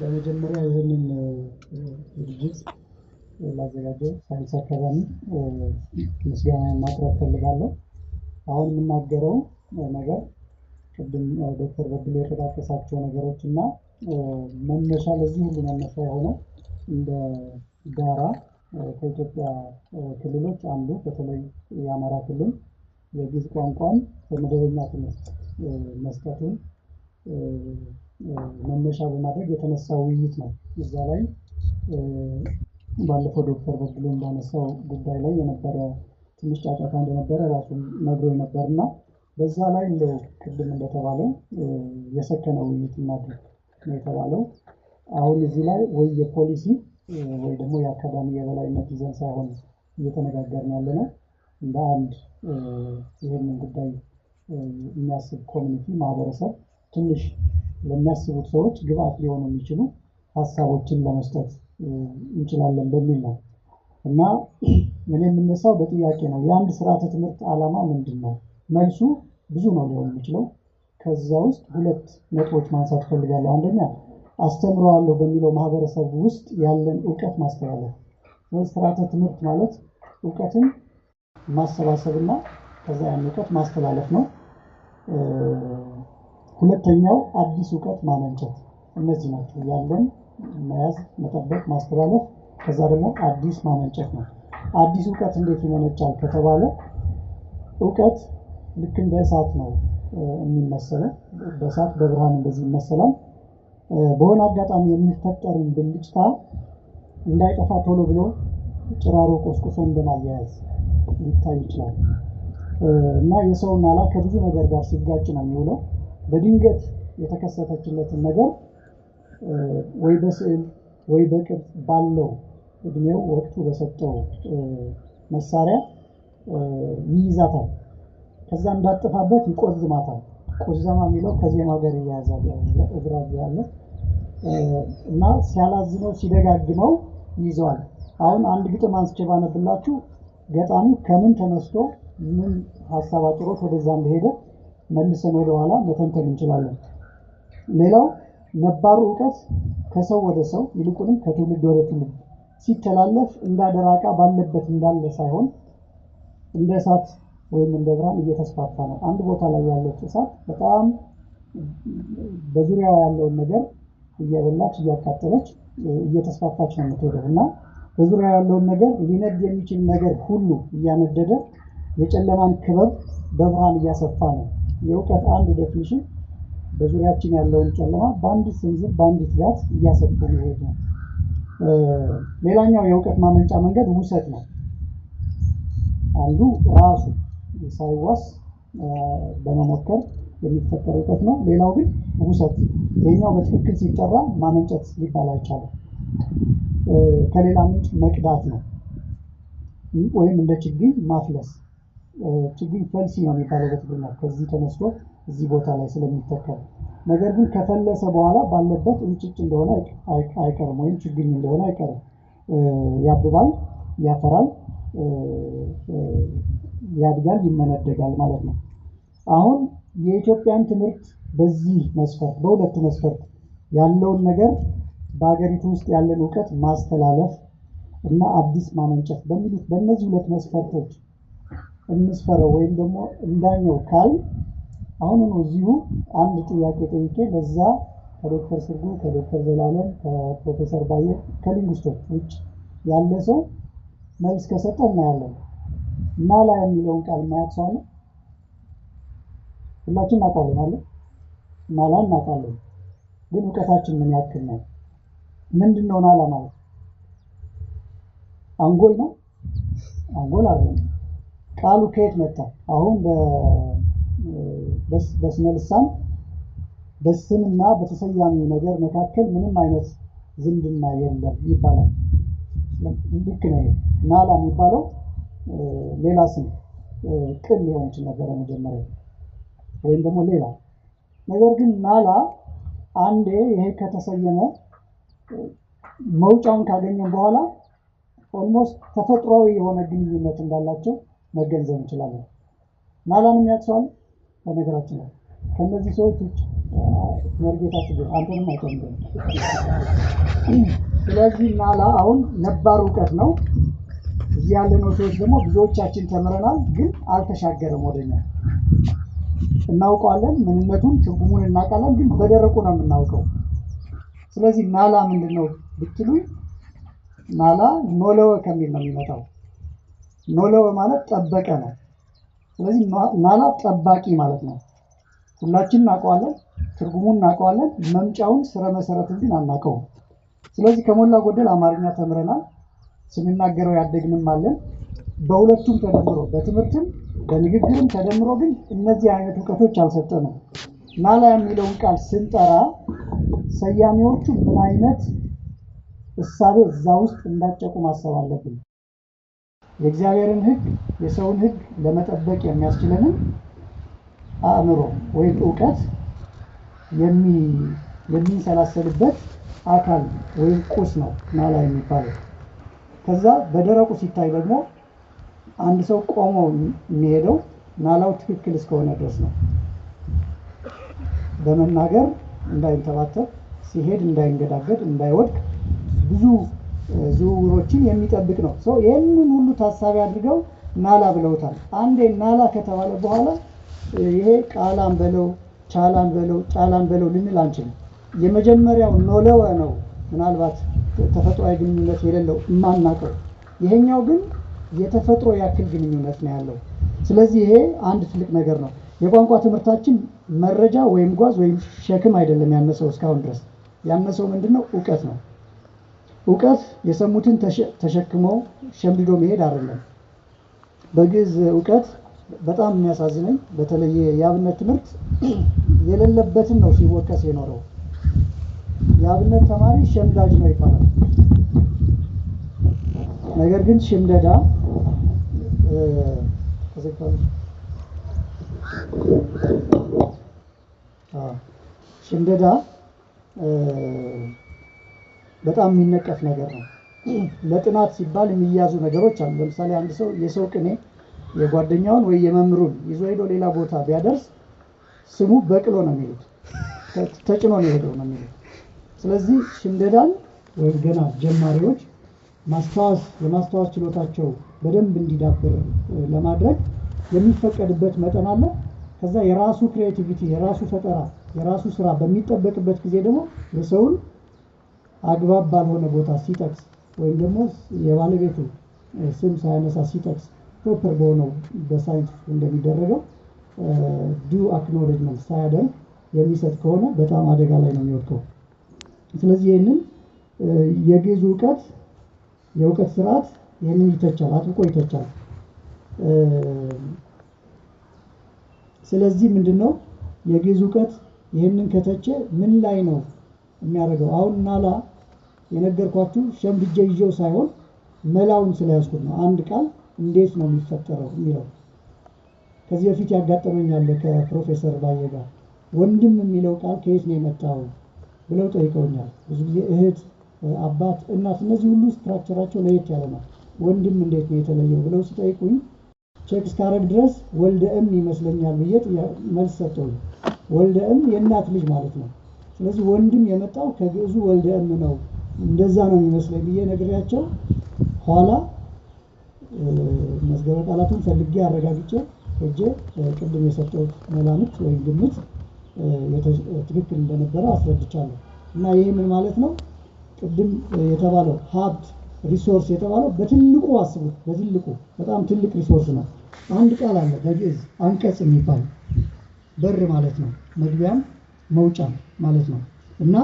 በመጀመሪያ ይህንን ዝግጅት ላዘጋጀው ሳይንስ አካዳሚ ምስጋና ማቅረብ ፈልጋለሁ። አሁን የምናገረው ነገር ቅድም ዶክተር በድሎ የጠቃቀሳቸው ነገሮች እና መነሻ ለዚህ ሁሉ መነሻ የሆነው እንደ ጋራ ከኢትዮጵያ ክልሎች አንዱ በተለይ የአማራ ክልል የግዕዝ ቋንቋን በመደበኛ ትምህርት መስጠቱን መነሻ በማድረግ የተነሳ ውይይት ነው። እዛ ላይ ባለፈው ዶክተር በድሎ ባነሳው ጉዳይ ላይ የነበረ ትንሽ ጫጫታ እንደነበረ ራሱ ነግሮ ነበር እና በዛ ላይ እንደ ቅድም እንደተባለው የሰከነ ውይይት እናድርግ ነው የተባለው። አሁን እዚህ ላይ ወይ የፖሊሲ ወይ ደግሞ የአካዳሚ የበላይነት ይዘን ሳይሆን እየተነጋገርን ያለ ነው እንደ አንድ ይህንን ጉዳይ የሚያስብ ኮሚኒቲ ማህበረሰብ ትንሽ ለሚያስቡት ሰዎች ግብአት ሊሆኑ የሚችሉ ሀሳቦችን ለመስጠት እንችላለን በሚል ነው እና እኔ የምነሳው በጥያቄ ነው። የአንድ ስርዓተ ትምህርት ዓላማ ምንድን ነው? መልሱ ብዙ ነው ሊሆን የሚችለው። ከዛ ውስጥ ሁለት ነጥቦች ማንሳት ፈልጋለሁ። አንደኛ አስተምረዋለሁ በሚለው ማህበረሰብ ውስጥ ያለን እውቀት ማስተላለፍ። ስርዓተ ትምህርት ማለት እውቀትን ማሰባሰብና ከዛ ያን እውቀት ማስተላለፍ ነው። ሁለተኛው አዲስ እውቀት ማመንጨት። እነዚህ ናቸው ያለን መያዝ፣ መጠበቅ፣ ማስተላለፍ። ከዛ ደግሞ አዲስ ማመንጨት ነው። አዲስ እውቀት እንዴት ይመነጫል ከተባለ እውቀት ልክ እንደ እሳት ነው የሚመሰለው። በእሳት በብርሃን እንደዚህ ይመሰላል። በሆነ አጋጣሚ የሚፈጠርን ብልጭታ እንዳይጠፋ ቶሎ ብሎ ጭራሮ ቆስቁሶ እንደማያያዝ ሊታይ ይችላል እና የሰውን አላ ከብዙ ነገር ጋር ሲጋጭ ነው የሚውለው። በድንገት የተከሰተችለትን ነገር ወይ በስዕል ወይ በቅርጽ ባለው እድሜው ወቅቱ በሰጠው መሳሪያ ይይዛታል። ከዛ እንዳጠፋበት ይቆዝማታል። ቁዘማ የሚለው ከዜማ ጋር እያያዛል እዝራዝ ያለ እና ሲያላዝነው ሲደጋግመው ይይዘዋል። አሁን አንድ ግጥም አንስቼ ባነብላችሁ ከምን ተነስቶ ምን ሀሳብ አጭሮት ወደዛ እንደሄደ መልሰን ወደኋላ መተንተን እንችላለን። ሌላው ነባሩ እውቀት ከሰው ወደ ሰው ይልቁንም ከትውልድ ወደ ትውልድ ሲተላለፍ እንደ አደራ ዕቃ ባለበት እንዳለ ሳይሆን እንደ እሳት ወይም እንደ ብርሃን እየተስፋፋ ነው። አንድ ቦታ ላይ ያለች እሳት በጣም በዙሪያዋ ያለውን ነገር እየበላች እያቃጠለች እየተስፋፋች ነው የምትሄደው እና በዙሪያ ያለውን ነገር ሊነድ የሚችል ነገር ሁሉ እያነደደ የጨለማን ክበብ በብርሃን እያሰፋ ነው። የእውቀት አንዱ ዴፊኒሽን በዙሪያችን ያለውን ጨለማ በአንድ ስንዝር በአንዲት ትጋት እያሰጡ መሄድ ነው። ሌላኛው የእውቀት ማመንጫ መንገድ ውሰት ነው። አንዱ ራሱ ሳይዋስ በመሞከር የሚፈጠር እውቀት ነው። ሌላው ግን ውሰት፣ ይህኛው በትክክል ሲጠራ ማመንጨት ሊባል አይቻልም። ከሌላ ምንጭ መቅዳት ነው ወይም እንደ ችግኝ ማፍለስ ችግኝ ፈልሲ ነው የሚባለው በትግርኛ ከዚህ ተነስቶ እዚህ ቦታ ላይ ስለሚተከል ነገር ግን ከፈለሰ በኋላ ባለበት እንጭጭ እንደሆነ አይቀርም ወይም ችግኝ እንደሆነ አይቀርም። ያብባል፣ ያፈራል፣ ያድጋል፣ ይመነደጋል ማለት ነው። አሁን የኢትዮጵያን ትምህርት በዚህ መስፈርት በሁለቱ መስፈርት ያለውን ነገር በሀገሪቱ ውስጥ ያለን እውቀት ማስተላለፍ እና አዲስ ማመንጨት በሚሉት በእነዚህ ሁለት መስፈርቶች እንስፈረው ወይም ደግሞ እንዳኘው ካል አሁን ነው እዚሁ አንድ ጥያቄ ጠይቄ በዛ ከዶክተር ስርጉ ከዶክተር ዘላለም ከፕሮፌሰር ባየ ከሊንግስቶች ውጭ ያለ ሰው መልስ ከሰጠ እናያለን። እና ላይ የሚለውን ቃል ማያቅሷለ ሁላችን እናውቃለን አለ ናላ እናውቃለን፣ ግን እውቀታችን ምን ያክል ነው? ምንድን ነው ናላ ማለት? አንጎል ነው? አንጎል አለ ቃሉ ከየት መጣ? አሁን በስነ ልሳን በስምና በተሰያሚ ነገር መካከል ምንም አይነት ዝምድና የለም ይባላል። ልክ ነው። ናላ የሚባለው ሌላ ስም ቅን ሊሆን ይችል ነበረ መጀመሪያ ወይም ደግሞ ሌላ ነገር ግን ናላ አንዴ ይሄ ከተሰየመ መውጫውን ካገኘን በኋላ ኦልሞስት ተፈጥሯዊ የሆነ ግንኙነት እንዳላቸው መገንዘብ እንችላለን። ናላን የሚያቅሰዋል በነገራችን ላይ ከእነዚህ ሰዎች ውጭ መርጌታ ስ አንተንም አይተምደ። ስለዚህ ናላ አሁን ነባር እውቀት ነው። እዚህ ያለነው ሰዎች ደግሞ ብዙዎቻችን ተምረናል፣ ግን አልተሻገረም ወደኛ። እናውቀዋለን፣ ምንነቱን ትርጉሙን እናውቃለን፣ ግን በደረቁ ነው የምናውቀው። ስለዚህ ናላ ምንድን ነው ብትሉኝ፣ ማላ ኖለወ ከሚል ነው የሚመጣው ኖሎ ማለት ጠበቀ ነው። ስለዚህ ናላ ጠባቂ ማለት ነው። ሁላችን እናውቀዋለን፣ ትርጉሙን እናውቀዋለን። መምጫውን ስረ መሰረቱን ግን አናውቀውም። ስለዚህ ከሞላ ጎደል አማርኛ ተምረናል፣ ስንናገረው ያደግንም አለን። በሁለቱም ተደምሮ በትምህርትም በንግግርም ተደምሮ ግን እነዚህ አይነት እውቀቶች አልሰጠንም። ናላ የሚለውን ቃል ስንጠራ ሰያሚዎቹ ምን አይነት እሳቤ እዛ ውስጥ እንዳጨቁ ማሰብ አለብን። የእግዚአብሔርን ህግ የሰውን ህግ ለመጠበቅ የሚያስችለንን አእምሮ ወይም እውቀት የሚንሰላሰልበት አካል ወይም ቁስ ነው ናላ የሚባለው። ከዛ በደረቁ ሲታይ ደግሞ አንድ ሰው ቆሞ የሚሄደው ናላው ትክክል እስከሆነ ድረስ ነው። በመናገር እንዳይንተባተብ፣ ሲሄድ እንዳይንገዳገድ፣ እንዳይወድቅ ብዙ ዝውውሮችን የሚጠብቅ ነው። ሰው ይህንን ሁሉ ታሳቢ አድርገው ናላ ብለውታል። አንዴ ናላ ከተባለ በኋላ ይሄ ቃላን በለው ቻላን በለው ጫላን በለው ልንል አንችልም። የመጀመሪያው ኖለወ ነው። ምናልባት ተፈጥሯዊ ግንኙነት የሌለው እማናቀው? ይሄኛው ግን የተፈጥሮ ያክል ግንኙነት ነው ያለው። ስለዚህ ይሄ አንድ ትልቅ ነገር ነው። የቋንቋ ትምህርታችን መረጃ ወይም ጓዝ ወይም ሸክም አይደለም ያነሰው። እስካሁን ድረስ ያነሰው ምንድን ነው? እውቀት ነው። እውቀት የሰሙትን ተሸክመው ሸምድዶ መሄድ አይደለም። በግዕዝ እውቀት በጣም የሚያሳዝነኝ በተለይ የአብነት ትምህርት የሌለበትን ነው ሲወቀስ የኖረው። የአብነት ተማሪ ሸምዳጅ ነው ይባላል። ነገር ግን ሽምደዳ ሽምደዳ በጣም የሚነቀፍ ነገር ነው። ለጥናት ሲባል የሚያዙ ነገሮች አሉ። ለምሳሌ አንድ ሰው የሰው ቅኔ የጓደኛውን ወይ የመምህሩን ይዞ ሄዶ ሌላ ቦታ ቢያደርስ ስሙ በቅሎ ነው የሚሄድ፣ ተጭኖ ነው የሄደው ነው የሚሄድ። ስለዚህ ሽምደዳን ወይም ገና ጀማሪዎች ማስታወስ የማስታወስ ችሎታቸው በደንብ እንዲዳብር ለማድረግ የሚፈቀድበት መጠን አለ። ከዛ የራሱ ክሬቲቪቲ የራሱ ፈጠራ የራሱ ስራ በሚጠበቅበት ጊዜ ደግሞ የሰውን አግባብ ባልሆነ ቦታ ሲጠቅስ ወይም ደግሞ የባለቤቱ ስም ሳያነሳ ሲጠቅስ ፕሮፐር በሆነው በሳይንስ እንደሚደረገው ዱ አክኖሌጅመንት ሳያደርግ የሚሰጥ ከሆነ በጣም አደጋ ላይ ነው የሚወድቀው። ስለዚህ ይህንን የግዕዝ እውቀት የእውቀት ስርዓት ይህንን ይተቻል፣ አጥብቆ ይተቻል። ስለዚህ ምንድን ነው የግዕዝ እውቀት ይህንን ከተቼ ምን ላይ ነው የሚያደርገው? አሁን ናላ የነገርኳችሁ ሸምድጄ ይዤው ሳይሆን መላውን ስለያዝኩት ነው። አንድ ቃል እንዴት ነው የሚፈጠረው የሚለው ከዚህ በፊት ያጋጠመኛለ ከፕሮፌሰር ባየ ጋር ወንድም የሚለው ቃል ከየት ነው የመጣው ብለው ጠይቀውኛል። ብዙ ጊዜ እህት፣ አባት፣ እናት እነዚህ ሁሉ ስትራክቸራቸው ለየት ያለ ነው። ወንድም እንዴት ነው የተለየው ብለው ሲጠይቁኝ ቼክ እስካረግ ድረስ ወልደ እም ይመስለኛል ብዬ መልስ ሰጠው። ወልደ እም የእናት ልጅ ማለት ነው። ስለዚህ ወንድም የመጣው ከግዕዙ ወልደ እም ነው እንደዛ ነው የሚመስለኝ ብዬ ነግሬያቸው ኋላ መዝገበ ቃላቱን ፈልጌ አረጋግጬ እጀ ቅድም የሰጠሁት መላምት ወይም ግምት ትክክል እንደነበረ አስረድቻለሁ። እና ይህ ምን ማለት ነው? ቅድም የተባለው ሀብት ሪሶርስ የተባለው በትልቁ አስቡት። በትልቁ በጣም ትልቅ ሪሶርስ ነው። አንድ ቃል አለ በግዕዝ አንቀጽ የሚባል በር ማለት ነው። መግቢያም መውጫም ማለት ነው እና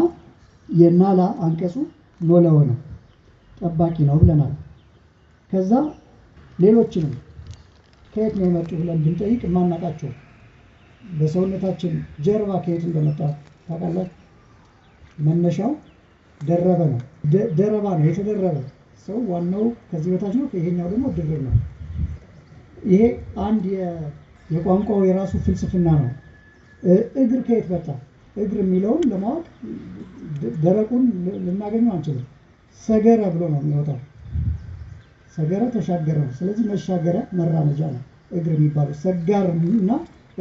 የናላ አንቀጹ ሎለወ ነው፣ ጠባቂ ነው ብለናል። ከዛ ሌሎችንም ከየት ነው የመጡ ብለን ብንጠይቅ የማናውቃቸው በሰውነታችን ጀርባ ከየት እንደመጣ ታቃላት መነሻው ደረበ ነው፣ ደረባ ነው። የተደረበ ሰው ዋናው ከዚህ በታች ነው፣ ይሄኛው ደግሞ ድርብ ነው። ይሄ አንድ የቋንቋው የራሱ ፍልስፍና ነው። እግር ከየት በጣ እግር የሚለውን ለማወቅ ደረቁን ልናገኘው አንችልም። ሰገረ ብሎ ነው የሚወጣው። ሰገረ ተሻገረ ነው። ስለዚህ መሻገረ መራመጃ ነው እግር የሚባለው። ሰጋር እና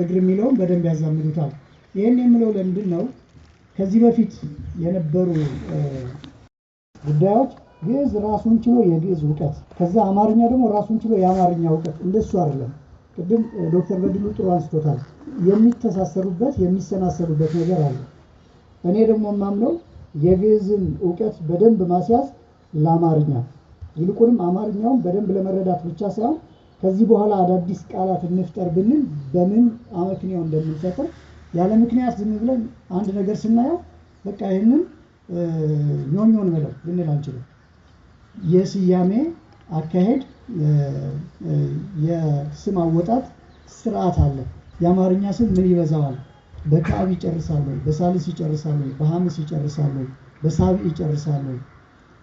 እግር የሚለውን በደንብ ያዛምዱታል። ይህን የምለው ለምንድን ነው? ከዚህ በፊት የነበሩ ጉዳዮች ግዕዝ ራሱን ችሎ የግዕዝ እውቀት፣ ከዛ አማርኛ ደግሞ ራሱን ችሎ የአማርኛ እውቀት፣ እንደሱ አይደለም። ቅድም ዶክተር በድሉ ጥሩ አንስቶታል። የሚተሳሰሩበት የሚሰናሰሩበት ነገር አለ። እኔ ደግሞ የማምነው የግዕዝን እውቀት በደንብ ማስያዝ ለአማርኛ ይልቁንም አማርኛውን በደንብ ለመረዳት ብቻ ሳይሆን ከዚህ በኋላ አዳዲስ ቃላት እንፍጠር ብንል በምን አመክንያው እንደምንፈጥር ያለ ምክንያት ዝም ብለን አንድ ነገር ስናየው በቃ ይህንን ኞኞን ብለው ልንል አንችልም። የስያሜ አካሄድ የስም አወጣት ስርዓት አለ። የአማርኛ ስም ምን ይበዛዋል? በካዕብ ይጨርሳሉ፣ በሳልስ ይጨርሳሉ፣ በሐምስ ይጨርሳሉ፣ በሳቢ ይጨርሳሉ።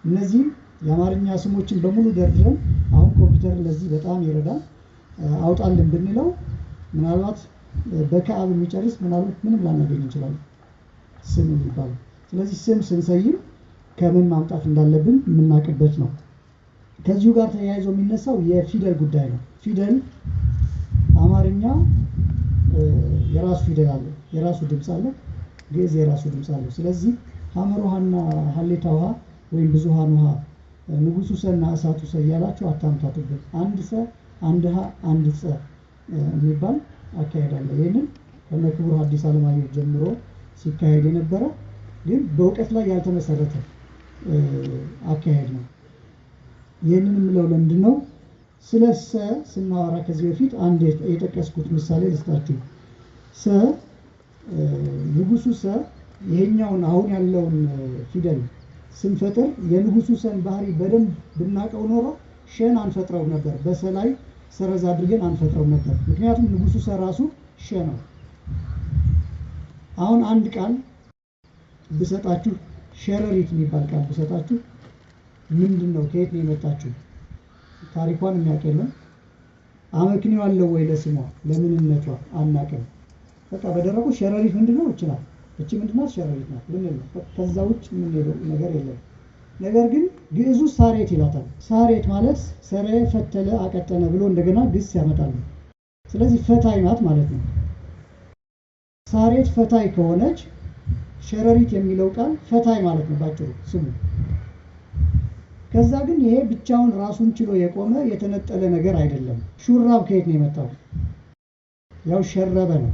እነዚህም የአማርኛ ስሞችን በሙሉ ደርድረን አሁን ኮምፒውተር ለዚህ በጣም ይረዳል። አውጣልን ብንለው ምናልባት በከአብ የሚጨርስ ምናልባት ምንም ላናገኝ እንችላለን ስም የሚባለው። ስለዚህ ስም ስንሰይም ከምን ማምጣት እንዳለብን የምናውቅበት ነው። ከዚሁ ጋር ተያይዞ የሚነሳው የፊደል ጉዳይ ነው። ፊደል አማርኛ የራሱ ፊደል አለው፣ የራሱ ድምፅ አለ ግዕዝ የራሱ ድምፅ አለው። ስለዚህ ሐመር ውሃና ሀሌታ ውሃ ወይም ብዙሃን ውሃ ንጉሱ ሰና እሳቱ ሰ እያላችሁ አታምታቱበት። አንድ ሰ፣ አንድ ሀ፣ አንድ ጸ የሚባል አካሄድ አለ። ይህንን ከነ ክቡር ሐዲስ ዓለማየሁ ጀምሮ ሲካሄድ የነበረ ግን በእውቀት ላይ ያልተመሰረተ አካሄድ ነው። ይህንን የምለው ለምንድን ነው? ስለ ሰ ስናወራ ከዚህ በፊት አንድ የጠቀስኩት ምሳሌ ልስጣችሁ። ሰ ንጉሱ ሰ ይሄኛውን አሁን ያለውን ፊደል ስንፈጥር የንጉሱ ሰን ባህሪ በደንብ ብናቀው ኖሮ ሸን አንፈጥረው ነበር። በሰ ላይ ሰረዝ አድርገን አንፈጥረው ነበር። ምክንያቱም ንጉሱ ሰ ራሱ ሸ ነው። አሁን አንድ ቃል ብሰጣችሁ ሸረሪት የሚባል ቃል ብሰጣችሁ ምንድን ነው? ከየት ነው የመጣችው? ታሪኳን የሚያውቅ የለም። አመክንዮ አለው ወይ ለስሟ ለምንነቷ አናውቅም። በቃ በደረቁ ሸረሪት ምንድን ነው ይችላል። እቺ ምንድናት? ሸረሪት ናት ልንል ነው። ከዛ ውጭ የምንሄደው ነገር የለም። ነገር ግን ግዕዙ ሳሬት ይላታል። ሳሬት ማለት ሰረ ፈተለ አቀጠነ ብሎ እንደገና ግስ ያመጣል። ስለዚህ ፈታይ ናት ማለት ነው። ሳሬት ፈታይ ከሆነች ሸረሪት የሚለው ቃል ፈታይ ማለት ነው ባጭሩ ስሙ ከዛ ግን ይሄ ብቻውን ራሱን ችሎ የቆመ የተነጠለ ነገር አይደለም። ሹራብ ከየት ነው የመጣው? ያው ሸረበ ነው።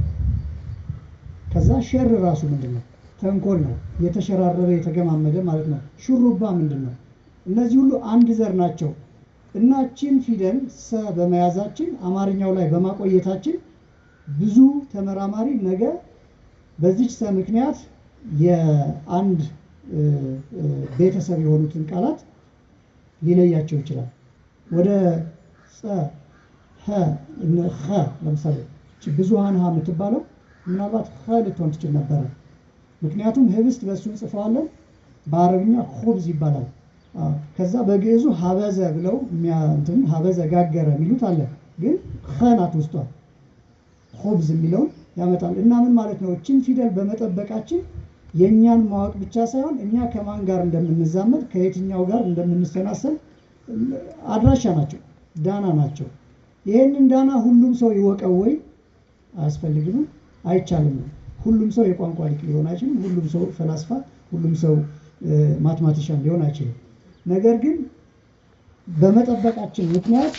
ከዛ ሸር ራሱ ምንድን ነው? ተንኮል ነው። የተሸራረበ የተገማመደ ማለት ነው። ሹሩባ ምንድን ነው? እነዚህ ሁሉ አንድ ዘር ናቸው። እናችን ፊደል ሰ በመያዛችን አማርኛው ላይ በማቆየታችን ብዙ ተመራማሪ ነገ በዚች ሰ ምክንያት የአንድ ቤተሰብ የሆኑትን ቃላት ሊለያቸው ይችላል። ወደ ፀ ሀ ለምሳሌ ብዙሀን ሀ የምትባለው ምናልባት ሀ ልትሆን ትችል ነበረ። ምክንያቱም ህብስት በሱ እንጽፈዋለን፣ በአረብኛ ሁብዝ ይባላል። ከዛ በግዕዙ ሀበዘ ብለው ሀበዘ ጋገረ የሚሉት አለ። ግን ሀ ውስጧል ሁብዝ የሚለውን ያመጣል እና ምን ማለት ነው? እችን ፊደል በመጠበቃችን የእኛን ማወቅ ብቻ ሳይሆን እኛ ከማን ጋር እንደምንዛመድ ከየትኛው ጋር እንደምንሰናሰል አድራሻ ናቸው፣ ዳና ናቸው። ይህንን ዳና ሁሉም ሰው ይወቀው ወይ አያስፈልግም፣ አይቻልም። ሁሉም ሰው የቋንቋ ሊቅ ሊሆን አይችልም። ሁሉም ሰው ፈላስፋ፣ ሁሉም ሰው ማትማቲሻን ሊሆን አይችልም። ነገር ግን በመጠበቃችን ምክንያት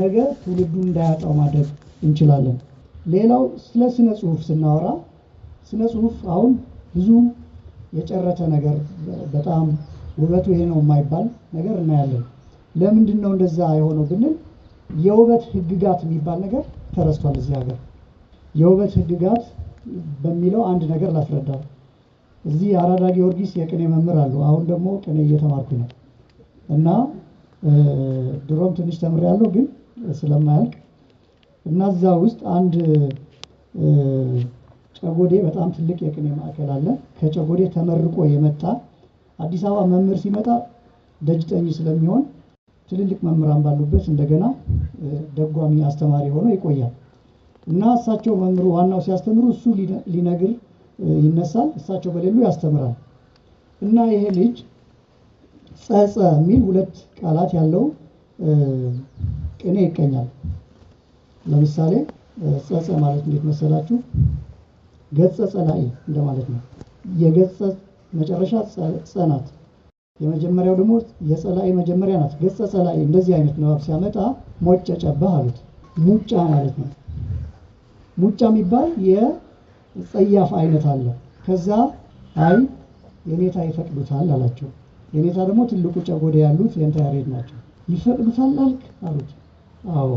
ነገ ትውልዱ እንዳያጣው ማድረግ እንችላለን። ሌላው ስለ ስነ ጽሁፍ ስናወራ ስነ ጽሁፍ አሁን ብዙ የጨረተ ነገር በጣም ውበቱ ይሄ ነው የማይባል ነገር እናያለን። ለምንድን ነው እንደዛ የሆነው ብንል የውበት ህግጋት የሚባል ነገር ተረስቷል እዚህ ሀገር። የውበት ህግጋት በሚለው አንድ ነገር ላስረዳ። እዚህ አራዳ ጊዮርጊስ የቅኔ መምህር አሉ። አሁን ደግሞ ቅኔ እየተማርኩ ነው እና ድሮም ትንሽ ተምሬያለሁ ግን ስለማያልቅ እና እዛ ውስጥ አንድ ጨጎዴ በጣም ትልቅ የቅኔ ማዕከል አለ። ከጨጎዴ ተመርቆ የመጣ አዲስ አበባ መምህር ሲመጣ ደጅጠኝ ስለሚሆን ትልልቅ መምህራን ባሉበት እንደገና ደጓሚ አስተማሪ ሆኖ ይቆያል እና እሳቸው መምህሩ ዋናው ሲያስተምሩ እሱ ሊነግር ይነሳል። እሳቸው በሌሉ ያስተምራል እና ይሄ ልጅ ጸጸ የሚል ሁለት ቃላት ያለው ቅኔ ይቀኛል። ለምሳሌ ጸጸ ማለት እንዴት መሰላችሁ? ገጸ ጸላኢ እንደማለት ነው። የገጸ መጨረሻ ጸናት፣ የመጀመሪያው ደግሞ የጸላኢ መጀመሪያ ናት። ገጸ ጸላኢ እንደዚህ አይነት ንባብ ሲያመጣ ሞጨጨባህ አሉት። ሙጫ ማለት ነው። ሙጫ የሚባል የጸያፍ አይነት አለ። ከዛ አይ የኔታ ይፈቅዱታል አላቸው። የኔታ ደግሞ ትልቁ ጨጎደ ያሉት የንታ ያሬድ ናቸው። ይፈቅዱታል አልክ አሉት። አዎ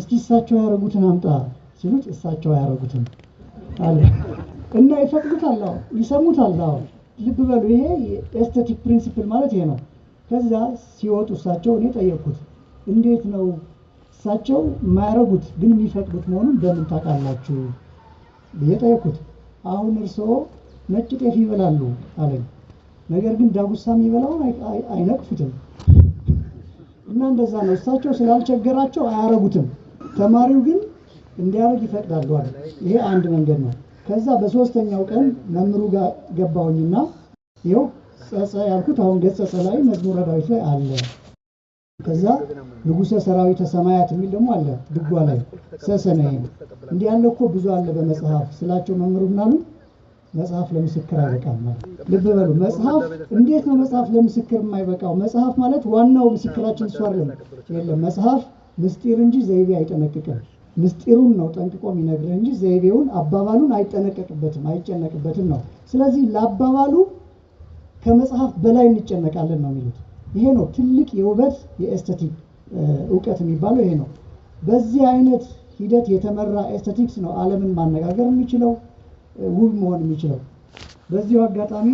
እስኪ እሳቸው ያደረጉትን አምጣ ሲሉት እሳቸው አያደረጉትም አለ እና ይፈቅዱታል፣ አዎ ይሰሙታል። አዎ ልብ በሉ፣ ይሄ ኤስቴቲክ ፕሪንሲፕል ማለት ይሄ ነው። ከዛ ሲወጡ እሳቸው እኔ ጠየቅኩት፣ እንዴት ነው እሳቸው የማያረጉት ግን የሚፈቅዱት መሆኑን በምን ታውቃላችሁ ብዬ ጠየቅኩት። አሁን እርስዎ ነጭ ጤፍ ይበላሉ አለኝ፣ ነገር ግን ዳጉሳ የሚበላውን አይነቅፉትም። እና እንደዛ ነው እሳቸው ስላልቸገራቸው አያረጉትም። ተማሪው ግን እንዲያደርግ ይፈቅዳሉ አለ። ይሄ አንድ መንገድ ነው። ከዛ በሶስተኛው ቀን መምሩ ጋር ገባውኝና ይኸው ጸጸ ያልኩት አሁን ገጸጸ ላይ መዝሙረ ዳዊት ላይ አለ። ከዛ ንጉሰ ሰራዊተ ሰማያት የሚል ደግሞ አለ ድጓ ላይ ሰሰናይም እንዲህ ያለ እኮ ብዙ አለ በመጽሐፍ ስላቸው መምሩ ምናሉ መጽሐፍ ለምስክር አይበቃም ማለት ልብ በሉ መጽሐፍ እንዴት ነው መጽሐፍ ለምስክር የማይበቃው መጽሐፍ ማለት ዋናው ምስክራችን እሷ የለም መጽሐፍ ምስጢር እንጂ ዘይቤ አይጠነቅቅም ምስጢሩን ነው ጠንቅቆ የሚነግረ እንጂ ዘይቤውን አባባሉን አይጠነቀቅበትም አይጨነቅበትም ነው። ስለዚህ ለአባባሉ ከመጽሐፍ በላይ እንጨነቃለን ነው የሚሉት። ይሄ ነው ትልቅ የውበት የኤስተቲክ እውቀት የሚባለው ይሄ ነው። በዚህ አይነት ሂደት የተመራ ኤስቴቲክስ ነው አለምን ማነጋገር የሚችለው ውብ መሆን የሚችለው። በዚሁ አጋጣሚ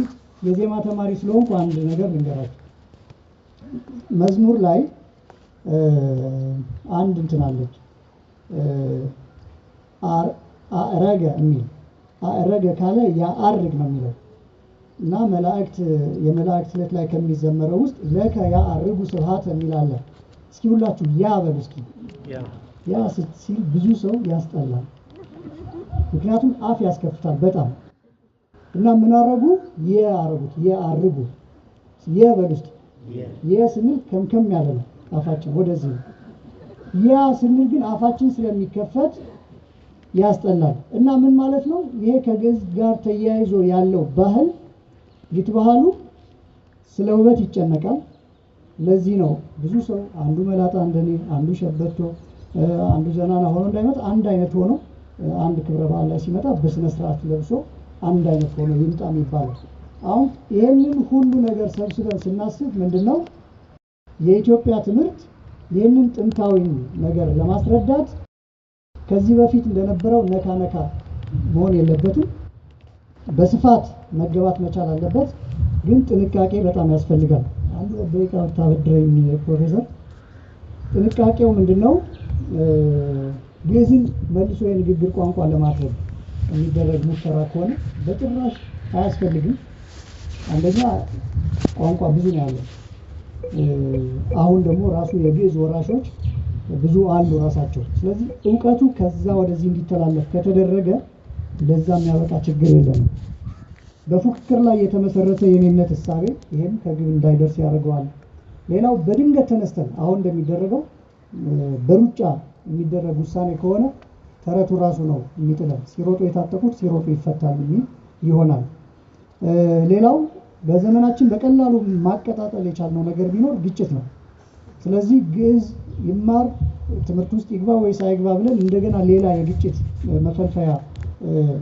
የዜማ ተማሪ ስለሆንኩ አንድ ነገር ልንገራቸው መዝሙር ላይ አንድ እንትናለች አረገ የሚል አረገ ካለ ያአርግ ነው የሚለው እና መላእክት የመላእክት ስለት ላይ ከሚዘመረው ውስጥ ለከ ያአርጉ ስብሐት የሚል አለ። እስኪ ሁላችሁ ያ በሉ እስኪ። ያ ሲል ብዙ ሰው ያስጠላል፣ ምክንያቱም አፍ ያስከፍታል በጣም እና ምን አረጉ? የአረጉት የአርጉ የበሉ እስኪ። የስንል ከምከም ያለ ነው አፋችን ወደዚህ ነው ያ ስንል ግን አፋችን ስለሚከፈት ያስጠላል እና ምን ማለት ነው? ይሄ ከግዕዝ ጋር ተያይዞ ያለው ባህል ግት ባህሉ ስለ ውበት ይጨነቃል። ለዚህ ነው ብዙ ሰው አንዱ መላጣ እንደኔ፣ አንዱ ሸበቶ፣ አንዱ ዘናና ሆኖ እንዳይመጣ አንድ አይነት ሆኖ አንድ ክብረ በዓል ላይ ሲመጣ በስነ ስርዓት ለብሶ አንድ አይነት ሆኖ ይምጣ የሚባለው። አሁን ይህንን ሁሉ ነገር ሰብስበን ስናስብ ምንድን ነው የኢትዮጵያ ትምህርት ይህንን ጥንታዊ ነገር ለማስረዳት ከዚህ በፊት እንደነበረው ነካ ነካ መሆን የለበትም። በስፋት መገባት መቻል አለበት፣ ግን ጥንቃቄ በጣም ያስፈልጋል። አንዱ ደቂቃ ታበድረኝ ፕሮፌሰር። ጥንቃቄው ምንድን ነው? ግዕዝን መልሶ የንግግር ቋንቋ ለማድረግ የሚደረግ ሙከራ ከሆነ በጭራሽ አያስፈልግም። አንደኛ ቋንቋ ብዙ ነው ያለው አሁን ደግሞ ራሱ የግዕዝ ወራሾች ብዙ አሉ ራሳቸው። ስለዚህ እውቀቱ ከዛ ወደዚህ እንዲተላለፍ ከተደረገ ለዛ የሚያበቃ ችግር የለም። በፉክክር ላይ የተመሰረተ የኔነት እሳቤ ይህም ከግብ እንዳይደርስ ያደርገዋል። ሌላው በድንገት ተነስተን አሁን እንደሚደረገው በሩጫ የሚደረግ ውሳኔ ከሆነ ተረቱ ራሱ ነው የሚጥለን። ሲሮጡ የታጠቁት ሲሮጡ ይፈታል የሚል ይሆናል። ሌላው በዘመናችን በቀላሉ ማቀጣጠል የቻልነው ነገር ቢኖር ግጭት ነው። ስለዚህ ግዕዝ ይማር ትምህርት ውስጥ ይግባ ወይ አይግባ ብለን እንደገና ሌላ የግጭት መፈልፈያ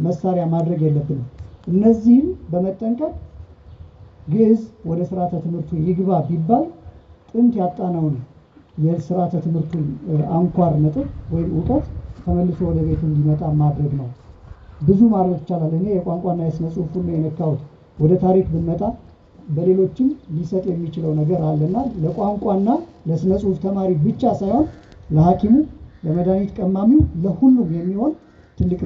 መሳሪያ ማድረግ የለብንም። እነዚህም በመጠንቀቅ ግዕዝ ወደ ስርዓተ ትምህርቱ ይግባ ቢባል ጥንት ያጣነውን የስርዓተ ትምህርቱን አንኳር ነጥብ ወይም እውቀት ተመልሶ ወደ ቤቱ እንዲመጣ ማድረግ ነው። ብዙ ማድረግ ይቻላል። እኔ የቋንቋና የስነ ጽሁፍ ሁሉ የነካሁት ወደ ታሪክ ብንመጣ በሌሎችም ሊሰጥ የሚችለው ነገር አለና ለቋንቋና ለስነ ጽሁፍ ተማሪ ብቻ ሳይሆን ለሐኪሙ፣ ለመድኃኒት ቀማሚው፣ ለሁሉም የሚሆን ትልቅ